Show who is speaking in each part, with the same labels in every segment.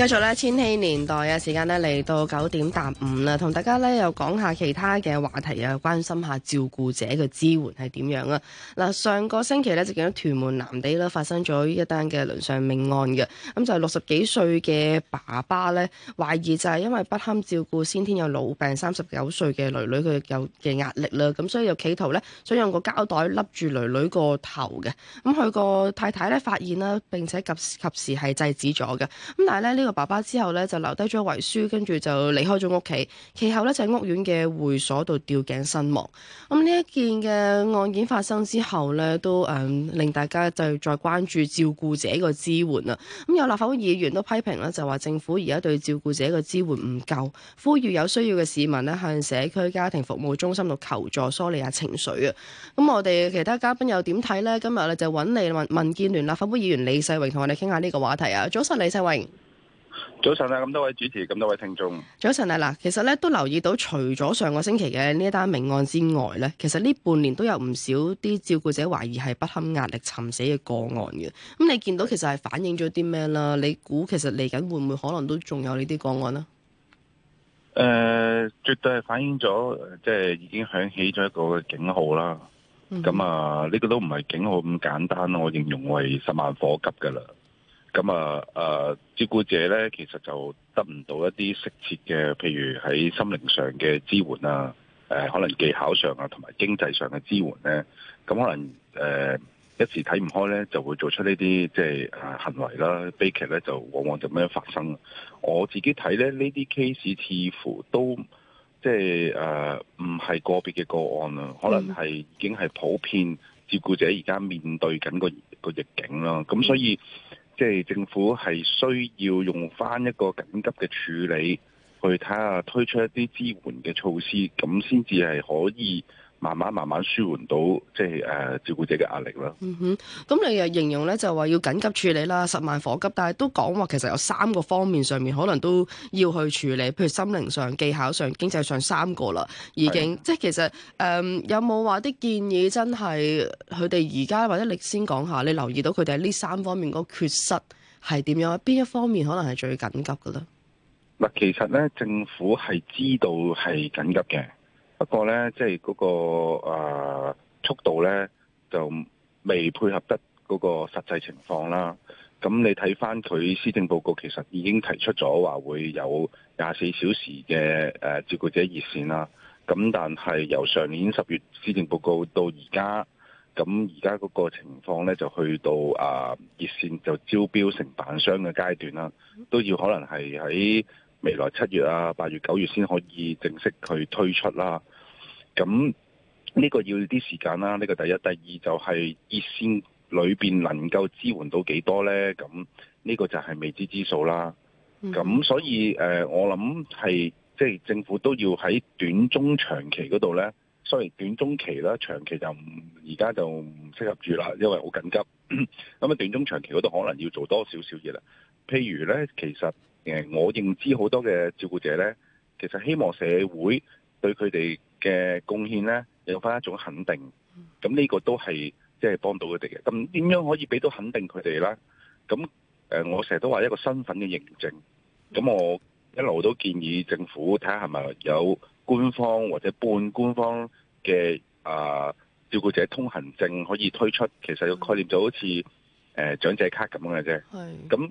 Speaker 1: 繼續咧，千禧年代嘅時間咧嚟到九點搭五啦，同大家咧又講下其他嘅話題啊，又關心下照顧者嘅支援係點樣啊？嗱，上個星期咧就見到屯門南地啦，發生咗一單嘅倫常命案嘅，咁就係六十幾歲嘅爸爸咧，懷疑就係因為不堪照顧先天有老病三十九歲嘅女女佢有嘅壓力啦，咁所以又企圖咧想用個膠袋笠住女女個頭嘅，咁佢個太太咧發現啦，並且及及時係制止咗嘅，咁但係咧呢個。爸爸之後咧就留低咗遺書，跟住就離開咗屋企。其後咧就喺屋苑嘅會所度吊頸身亡。咁、嗯、呢一件嘅案件發生之後咧，都誒、嗯、令大家就再關注照顧者個支援啦。咁、嗯、有立法會議員都批評咧，就話政府而家對照顧者個支援唔夠，呼籲有需要嘅市民呢，向社區家庭服務中心度求助，梳理下情緒啊。咁我哋其他嘉賓又點睇呢？今日咧就揾嚟民建聯立法會議員李世榮同我哋傾下呢個話題啊。早晨，李世榮。
Speaker 2: 早晨啊，咁多位主持，咁多位聽眾。
Speaker 1: 早晨啊，嗱，其實咧都留意到，除咗上個星期嘅呢一單命案之外咧，其實呢半年都有唔少啲照顧者懷疑係不堪壓力尋死嘅個案嘅。咁你見到其實係反映咗啲咩啦？你估其實嚟緊會唔會可能都仲有呢啲個案呢？
Speaker 2: 誒、呃，絕對係反映咗，即係已經響起咗一個警號啦。咁、嗯、啊、呢、這個都唔係警號咁簡單咯。我形容為十萬火急噶啦。咁啊，誒、啊、照顧者咧，其實就得唔到一啲適切嘅，譬如喺心靈上嘅支援啊，啊，可能技巧上啊，同埋經濟上嘅支援咧，咁可能誒、啊、一時睇唔開咧，就會做出呢啲即係誒行為啦，悲劇咧就往往就咁樣發生。我自己睇咧，呢啲 case 似乎都即係誒唔係個別嘅個案啦、啊，可能係、嗯、已經係普遍照顧者而家面對緊個個逆境啦、啊，咁所以。嗯即係政府係需要用返一個緊急嘅處理，去睇下推出一啲支援嘅措施，咁先至係可以。慢慢慢慢舒緩到，即係誒照顧者嘅壓力啦。
Speaker 1: 嗯哼，咁你又形容咧，就話、是、要緊急處理啦，十萬火急。但係都講話其實有三個方面上面，可能都要去處理，譬如心靈上、技巧上、經濟上三個啦，已經，是即係其實誒、呃，有冇話啲建議真係佢哋而家或者你先講下，你留意到佢哋喺呢三方面嗰個缺失係點樣？邊一方面可能係最緊急嘅咧？
Speaker 2: 嗱，其實咧，政府係知道係緊急嘅。不過呢，即係嗰個、啊、速度呢，就未配合得嗰個實際情況啦。咁你睇返佢施政報告，其實已經提出咗話會有廿四小時嘅照顧者熱線啦。咁但係由上年十月施政報告到而家，咁而家嗰個情況呢，就去到誒、啊、熱線就招標承辦商嘅階段啦，都要可能係喺。未來七月啊、八月、九月先可以正式去推出啦。咁呢個要啲時間啦。呢個第一、第二就係熱線裏面能夠支援到幾多呢？咁呢個就係未知之數啦。咁所以誒、呃，我諗係即係政府都要喺短中長期嗰度呢。雖然短中期啦，長期就唔而家就唔適合住啦，因為好緊急。咁啊， 短中長期嗰度可能要做多少少嘢啦。譬如呢其實。誒，我認知好多嘅照顧者咧，其實希望社會對佢哋嘅貢獻咧有返一種肯定，咁呢個都係即係幫到佢哋嘅。咁點樣可以俾到肯定佢哋咧？咁誒，我成日都話一個身份嘅認證，咁我一路都建議政府睇下係咪有官方或者半官方嘅啊照顧者通行證可以推出，其實個概念就好似誒、呃、長者卡咁樣嘅啫。係，咁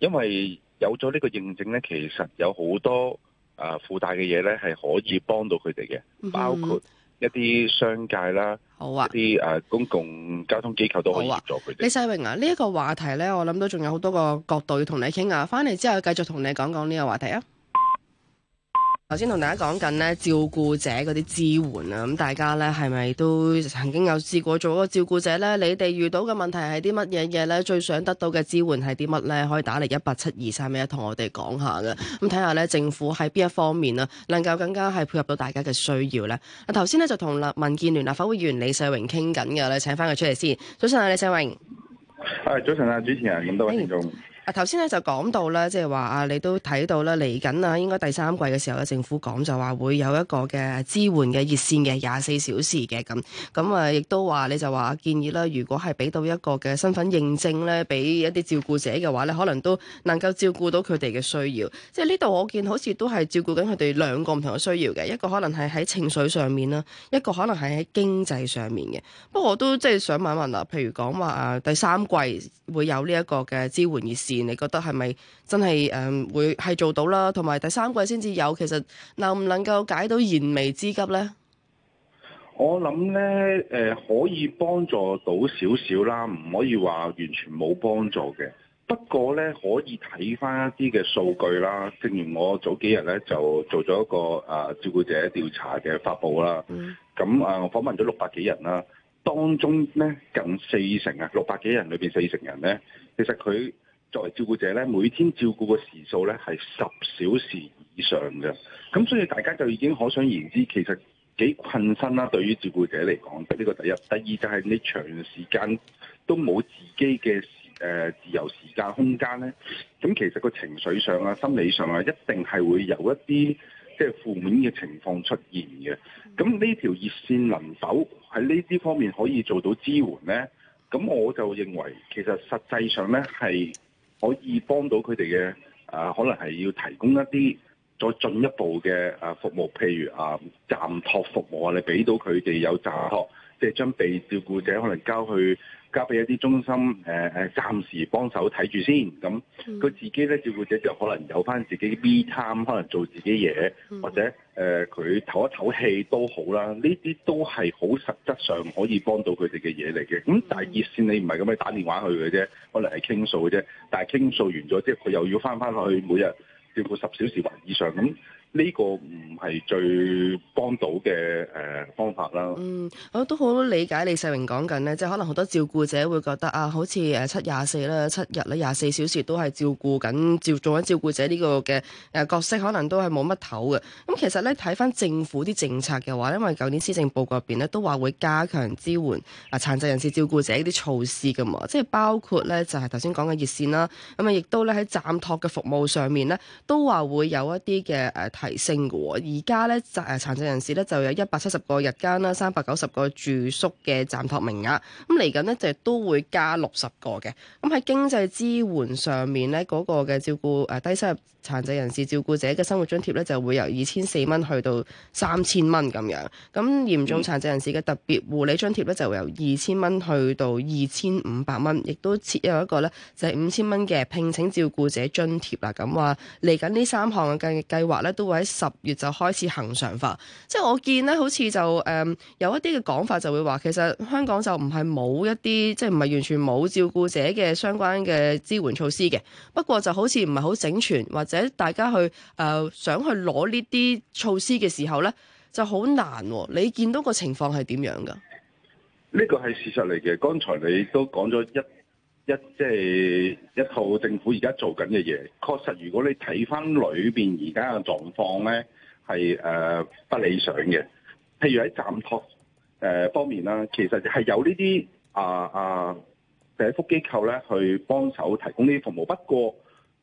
Speaker 2: 因為。有咗呢個認證呢，其實有好多啊、呃、附帶嘅嘢呢係可以幫到佢哋嘅，包括一啲商界啦、啊，一啲、呃、公共交通機構都可以協助佢哋、
Speaker 1: 啊。李世榮啊、呢、這、一個話題呢，我諗到仲有好多個角度要同你傾啊。翻嚟之後繼續同你講講呢個話題啊。頭先同大家講緊咧照顧者嗰啲支援啊，咁大家咧係咪都曾經有試過做個照顧者咧？你哋遇到嘅問題係啲乜嘢嘢咧？最想得到嘅支援係啲乜咧？可以打嚟一八七二三一，同我哋講下嘅。咁睇下咧，政府喺邊一方面啊，能夠更加係配合到大家嘅需要咧。嗱，頭先咧就同民建聯立法會議員李世榮傾緊嘅咧，請翻佢出嚟先。早晨啊，李世榮。係早晨
Speaker 2: 啊，主持人，咁多位聽眾。
Speaker 1: 頭先咧就講到啦，即係話啊，你都睇到啦，嚟緊啊，應該第三季嘅時候咧，政府講就話會有一個嘅支援嘅熱線嘅，廿四小時嘅咁。咁啊，亦都話你就話建議啦，如果係俾到一個嘅身份認證咧，俾一啲照顧者嘅話咧，可能都能夠照顧到佢哋嘅需要。即係呢度我見好似都係照顧緊佢哋兩個唔同嘅需要嘅，一個可能係喺情緒上面啦，一個可能係喺經濟上面嘅。不過我都即係想問一問啊，譬如講話啊，第三季會有呢一個嘅支援熱線？你覺得係咪真係誒、嗯、會係做到啦？同埋第三季先至有，其實能唔能夠解到燃眉之急呢？
Speaker 2: 我諗呢，誒、呃，可以幫助到少少啦，唔可以話完全冇幫助嘅。不過呢，可以睇翻一啲嘅數據啦。正如我早幾日呢，就做咗一個誒、啊、照顧者調查嘅發布啦。咁、嗯、啊，我訪問咗六百幾人啦，當中呢近四成啊，六百幾人裏邊四成人呢，其實佢，作為照顧者咧，每天照顧嘅時數咧係十小時以上嘅，咁所以大家就已經可想而知，其實幾困身啦、啊。對於照顧者嚟講，呢、呢個、第一，第二就係你長時間都冇自己嘅、呃、自由時間空間咧，咁其實個情緒上啊、心理上啊，一定係會有一啲即係負面嘅情況出現嘅。咁呢條熱線能否喺呢啲方面可以做到支援咧？咁我就認為其實實際上咧係，是可以幫到佢哋嘅，誒、呃，可能係要提供一啲再進一步嘅誒服務，譬如啊暫託服務啊，你俾到佢哋有暫託，即係將被照顧者可能交去。交俾一啲中心誒誒、呃，暫時幫手睇住先，咁佢自己咧照顧者就可能有翻自己啲 me time，可能做自己嘢，或者誒佢唞一唞氣都好啦。呢啲都係好實質上可以幫到佢哋嘅嘢嚟嘅。咁但係熱線你唔係咁樣打電話去嘅啫，可能係傾訴嘅啫。但係傾訴完咗之後，即係佢又要翻翻去每日照顧十小時或以上咁。呢個唔係最幫到嘅誒方法啦。嗯，
Speaker 1: 我都好理解李世榮講緊呢即係可能好多照顧者會覺得啊，好似誒七廿四啦、七日啦、廿四小時都係照顧緊、照做緊照顧者呢個嘅誒角色，可能都係冇乜頭嘅。咁，嗯，其實呢，睇翻政府啲政策嘅話，因為舊年施政報告入邊呢都話會加強支援啊殘疾人士、人士照顧者啲措施㗎嘛，即係包括呢就係頭先講嘅熱線啦。咁，嗯，啊，亦都咧喺暫托嘅服務上面呢，都話會有一啲嘅提升喎，而家咧殘殘疾人士咧就有一百七十個日間啦，三百九十個住宿嘅暫托名額，咁嚟緊咧就都會加六十個嘅。咁喺經濟支援上面咧，嗰、嗰個嘅照顧誒、啊、低收入殘疾人士照顧者嘅生活津貼咧，就會由二千四蚊去到三千蚊咁樣，咁嚴重殘疾人士嘅特別護理津貼咧，就會由二千蚊去到二千五百蚊，亦都設有一個咧就係五千蚊嘅聘請照顧者津貼啦。咁話嚟緊呢三項嘅計計劃咧都。會喺十月就開始恆常化，即係我見咧，好似就誒、嗯、有一啲嘅講法就會話，其實香港就唔係冇一啲，即係唔係完全冇照顧者嘅相關嘅支援措施嘅。不過就好似唔係好整全，或者大家去誒、呃、想去攞呢啲措施嘅時候咧，就好難。你見到個情況係點樣噶？
Speaker 2: 呢個係事實嚟嘅。剛才你都講咗一一即係、就是、一套政府而家做緊嘅嘢，確實如果你睇翻裏邊而家嘅狀況咧，係誒、呃、不理想嘅。譬如喺暫託誒方、呃、面啦，其實係有呢啲、呃、啊啊社福機構咧去幫手提供呢啲服務，不過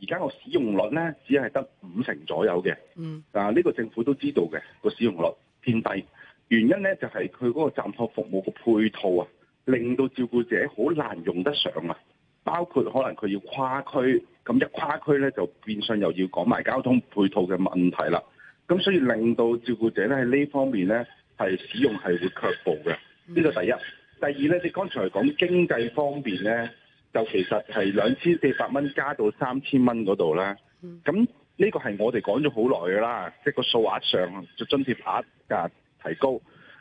Speaker 2: 而家個使用率咧只係得五成左右嘅。嗯，啊呢、這個政府都知道嘅個使用率偏低，原因咧就係佢嗰個暫託服務個配套啊。令到照顧者好難用得上啊！包括可能佢要跨區，咁一跨區咧就變相又要講埋交通配套嘅問題啦。咁所以令到照顧者咧喺呢在這方面咧係使用係會卻步嘅。呢、嗯、個第一，第二咧，你剛才講經濟方面咧，就其實係兩千四百蚊加到三千蚊嗰度咧。咁、嗯、呢個係我哋講咗好耐㗎啦，即、就、係、是、個數額上就津貼額啊提高。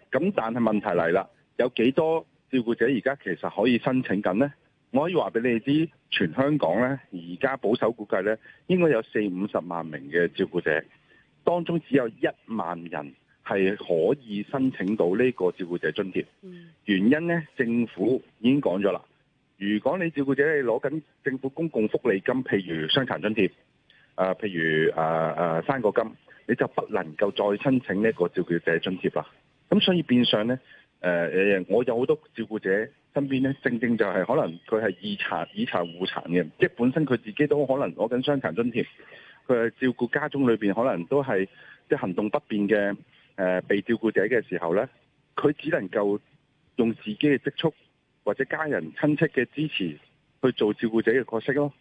Speaker 2: 咁但係問題嚟啦，有幾多？照顧者而家其實可以申請緊呢。我可以話俾你哋知，全香港呢而家保守估計呢應該有四五十萬名嘅照顧者，當中只有一萬人係可以申請到呢個照顧者津貼。原因呢，政府已經講咗啦，如果你照顧者係攞緊政府公共福利金，譬如傷殘津貼，啊、呃，譬如啊啊、呃、生果金，你就不能夠再申請呢個照顧者津貼啦。咁所以變相呢。誒、呃、我有好多照顧者身邊咧，正正就係可能佢係以殘以殘護殘嘅，即係本身佢自己都可能攞緊傷殘津貼，佢照顧家中裏面可能都係即係行動不便嘅、呃、被照顧者嘅時候咧，佢只能夠用自己嘅積蓄或者家人親戚嘅支持去做照顧者嘅角色咯。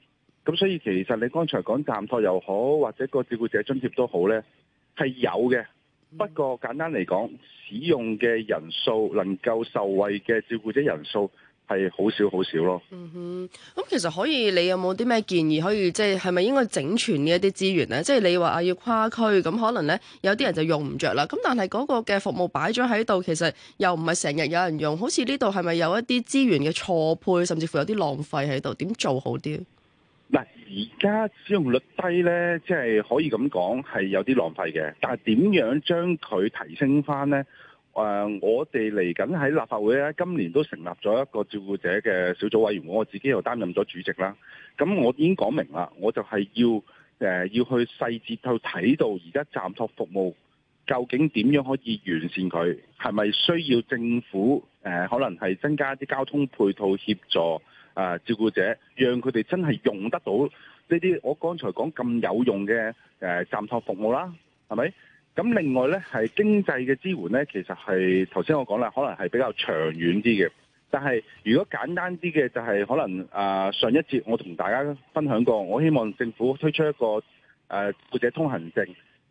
Speaker 2: 咁所以其實你剛才講暫托又好，或者個照顧者津貼都好咧，係有嘅。不過簡單嚟講，使用嘅人數能夠受惠嘅照顧者人數係好少好少咯。
Speaker 1: 嗯哼，咁其實可以，你有冇啲咩建議可以即係係咪應該整全呢一啲資源咧？即係你話啊，要跨區咁，可能咧有啲人就用唔着啦。咁但係嗰個嘅服務擺咗喺度，其實又唔係成日有人用，好似呢度係咪有一啲資源嘅錯配，甚至乎有啲浪費喺度？點做好啲？
Speaker 2: 嗱，而家使用率低咧，即、就、係、是、可以咁講，係有啲浪費嘅。但係點樣將佢提升翻咧？誒、呃，我哋嚟緊喺立法會咧，今年都成立咗一個照顧者嘅小組委員會，我自己又擔任咗主席啦。咁我已經講明啦，我就係要誒、呃、要去細節去睇到而家暫託服務究竟點樣可以完善佢，係咪需要政府誒、呃、可能係增加啲交通配套協助？啊！照顧者，讓佢哋真係用得到呢啲我剛才講咁有用嘅誒暫託服務啦，係咪？咁另外呢，係經濟嘅支援呢，其實係頭先我講啦，可能係比較長遠啲嘅。但係如果簡單啲嘅，就係可能啊、呃，上一節我同大家分享過，我希望政府推出一個誒顧者、呃、通行證，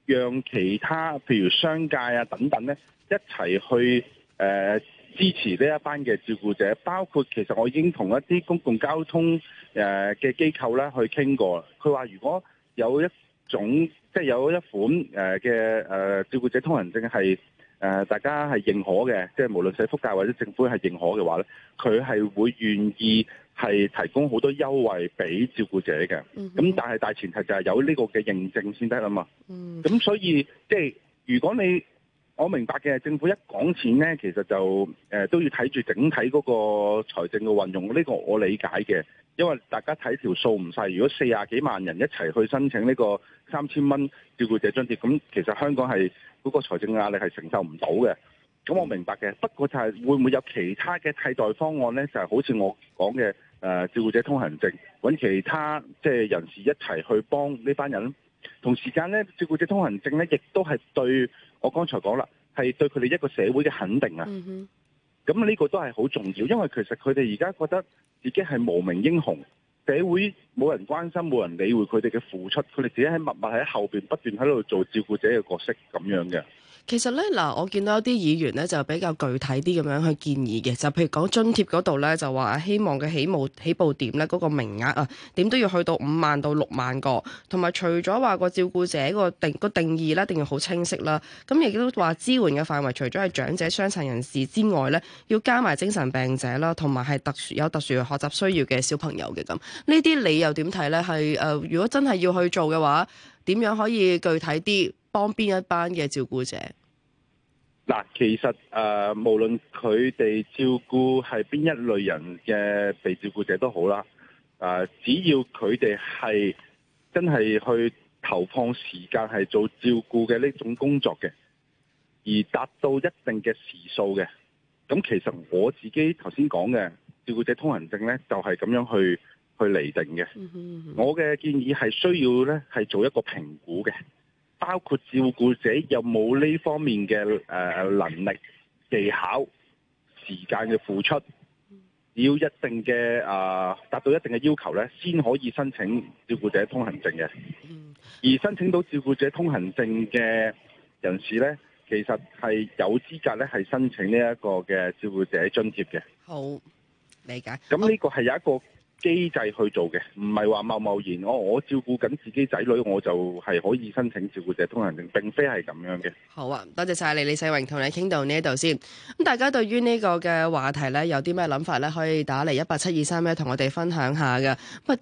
Speaker 2: 讓其他譬如商界啊等等呢，一齊去誒、呃支持呢一班嘅照顧者，包括其實我已經同一啲公共交通呃嘅機構咧去傾過啦。佢話如果有一種即係、就是、有一款呃嘅呃照顧者通行證係、呃、大家係認可嘅，即、就、係、是、無論社福界或者政府係認可嘅話咧，佢係會願意係提供好多優惠俾照顧者嘅。咁、mm -hmm. 但係大前提就係有呢個嘅認證先得啊嘛。咁所以即係、就是、如果你我明白嘅，政府一講錢呢，其實就誒、呃、都要睇住整體嗰個財政嘅運用。呢個我理解嘅，因為大家睇條數唔細。如果四廿幾萬人一齊去申請呢個三千蚊照顧者津貼，咁其實香港係嗰個財政壓力係承受唔到嘅。咁我明白嘅，不過就係會唔會有其他嘅替代方案呢？就係好似我講嘅誒照顧者通行證，揾其他即係人士一齊去幫呢班人。同時間呢，照顧者通行證呢亦都係對。我剛才講啦，係對佢哋一個社會嘅肯定啊。咁呢個都係好重要，因為其實佢哋而家覺得自己係無名英雄，社會冇人關心，冇人理會佢哋嘅付出，佢哋自己喺默默喺後邊不斷喺度做照顧者嘅角色咁樣嘅。其
Speaker 1: 實咧，嗱，我見到有啲議員咧就比較具體啲咁樣去建議嘅，就譬如講津貼嗰度咧，就話希望嘅起步起步點咧，嗰個名額啊，點都要去到五萬到六萬個，同埋除咗話個照顧者個定個定義咧，一定要好清晰啦。咁亦都話支援嘅範圍除咗係長者、傷殘人士之外咧，要加埋精神病者啦，同埋係特殊有特殊，有特殊學習需要嘅小朋友嘅咁。理由呢啲你又點睇咧？係、呃、如果真係要去做嘅話，點樣可以具體啲？幫邊一班嘅照顧者
Speaker 2: 嗱，其實誒、呃，無論佢哋照顧係邊一類人嘅被照顧者都好啦，誒、呃，只要佢哋係真係去投放時間係做照顧嘅呢種工作嘅，而達到一定嘅時數嘅，咁其實我自己頭先講嘅照顧者通行證呢，就係、是、咁樣去去厘定嘅。Mm -hmm. 我嘅建議係需要呢係做一個評估嘅。包括照顧者有冇呢方面嘅、呃、能力、技巧、時間嘅付出，要一定嘅、呃、達到一定嘅要求呢，先可以申請照顧者通行證嘅。而申請到照顧者通行證嘅人士呢，其實係有資格呢，係申請呢一個嘅照顧者津貼嘅。
Speaker 1: 好，理解。
Speaker 2: 咁呢個係有一個。機制去做嘅，唔係話貿貿然。我我照顧緊自己仔女，我就係可以申請照顧者通行證。並非係咁樣嘅。
Speaker 1: 好啊，多謝晒你，李世榮，同你傾到呢一度先。咁大家對於呢個嘅話題呢，有啲咩諗法呢？可以打嚟一八七二三一同我哋分享下嘅。咁